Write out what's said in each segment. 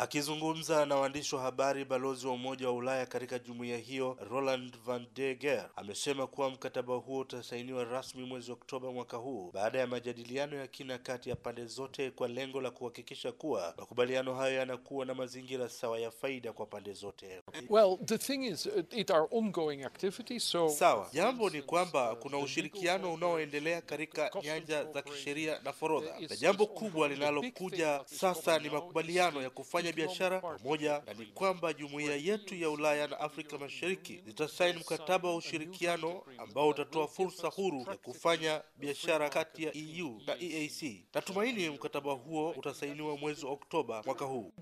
Akizungumza na waandishi wa habari, balozi wa Umoja wa Ulaya katika jumuiya hiyo Roland van deger Geer amesema kuwa mkataba huo utasainiwa rasmi mwezi Oktoba mwaka huu baada ya majadiliano ya kina kati ya pande zote kwa lengo la kuhakikisha kuwa makubaliano hayo yanakuwa na mazingira sawa ya faida kwa pande zote. Well, the thing is, it are ongoing activities, so... Sawa, jambo ni kwamba kuna ushirikiano unaoendelea katika nyanja za kisheria na forodha, na jambo kubwa linalokuja sasa ni makubaliano ya kufanya biashara pamoja na ni kwamba jumuiya yetu ya Ulaya na Afrika Mashariki zitasaini mkataba wa ushirikiano ambao utatoa fursa huru ya kufanya biashara kati ya EU na EAC. Natumaini mkataba huo utasainiwa mwezi Oktoba mwaka huu.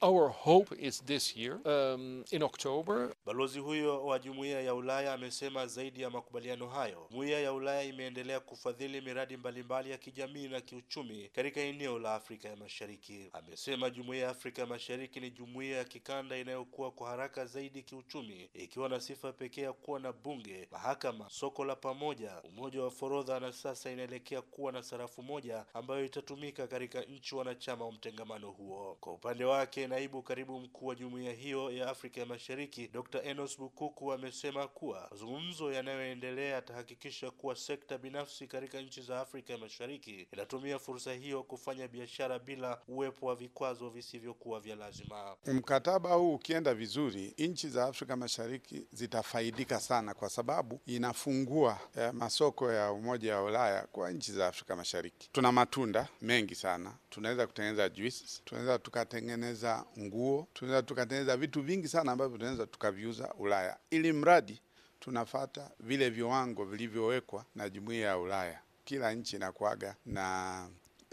Our hope is this year, um, in October. Balozi huyo wa jumuiya ya Ulaya amesema zaidi ya makubaliano hayo, jumuiya ya Ulaya imeendelea kufadhili miradi mbalimbali ya kijamii na kiuchumi katika eneo la Afrika ya Mashariki. Amesema jumuiya ya Afrika Mashariki ni jumuiya ya kikanda inayokuwa kwa haraka zaidi kiuchumi, ikiwa na sifa pekee ya kuwa na bunge, mahakama, soko la pamoja, umoja wa forodha na sasa inaelekea kuwa na sarafu moja ambayo itatumika katika nchi wanachama wa mtengamano huo. Kwa upande wake, naibu karibu mkuu wa jumuiya hiyo ya Afrika ya Mashariki Dr. Enos Bukuku amesema kuwa mazungumzo yanayoendelea atahakikisha kuwa sekta binafsi katika nchi za Afrika ya Mashariki inatumia fursa hiyo kufanya biashara bila uwepo wa vikwazo visivyokuwa kuwa vya lazima. Mkataba huu ukienda vizuri, nchi za Afrika Mashariki zitafaidika sana, kwa sababu inafungua eh, masoko ya Umoja wa Ulaya kwa nchi za Afrika Mashariki. Tuna matunda mengi sana, tunaweza kutengeneza juices, tunaweza tukatengeneza nguo, tunaweza tukatengeneza vitu vingi sana ambavyo tunaweza tukaviuza Ulaya, ili mradi tunafata vile viwango vilivyowekwa na Jumuiya ya Ulaya. Kila nchi inakuaga na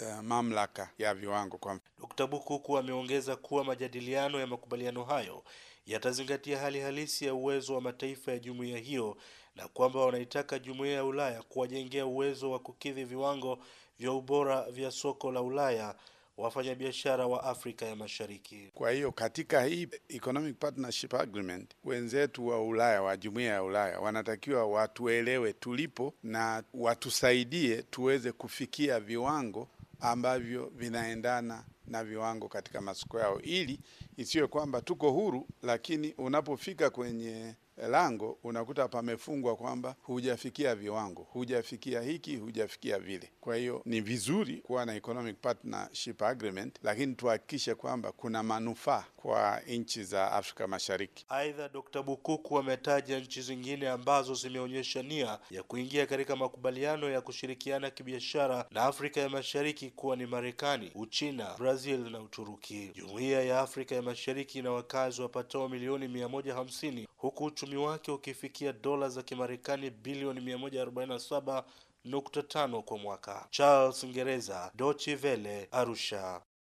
uh, mamlaka ya viwango. Kwa Dkt. Bukuku ameongeza kuwa majadiliano ya makubaliano hayo yatazingatia hali halisi ya uwezo wa mataifa ya jumuiya hiyo na kwamba wanaitaka jumuiya ya Ulaya kuwajengea uwezo wa kukidhi viwango vya ubora vya soko la Ulaya wafanyabiashara wa Afrika ya Mashariki. Kwa hiyo katika hii Economic Partnership Agreement, wenzetu wa Ulaya wa Jumuiya ya Ulaya wanatakiwa watuelewe tulipo na watusaidie tuweze kufikia viwango ambavyo vinaendana na viwango katika masoko yao, ili isiwe kwamba tuko huru, lakini unapofika kwenye Eh, lango unakuta pamefungwa, kwamba hujafikia viwango, hujafikia hiki, hujafikia vile. Kwa hiyo ni vizuri kuwa na economic partnership agreement, lakini tuhakikishe kwamba kuna manufaa kwa nchi za Afrika Mashariki. Aidha, Dr. Bukuku ametaja nchi zingine ambazo zimeonyesha nia ya kuingia katika makubaliano ya kushirikiana kibiashara na Afrika ya Mashariki kuwa ni Marekani, Uchina, Brazil na Uturuki. Jumuiya ya Afrika ya Mashariki ina wakazi wapatao milioni 150 huku uchumi wake ukifikia dola za Kimarekani bilioni 147.5 kwa mwaka. Charles Ngereza, Dochi Vele, Arusha.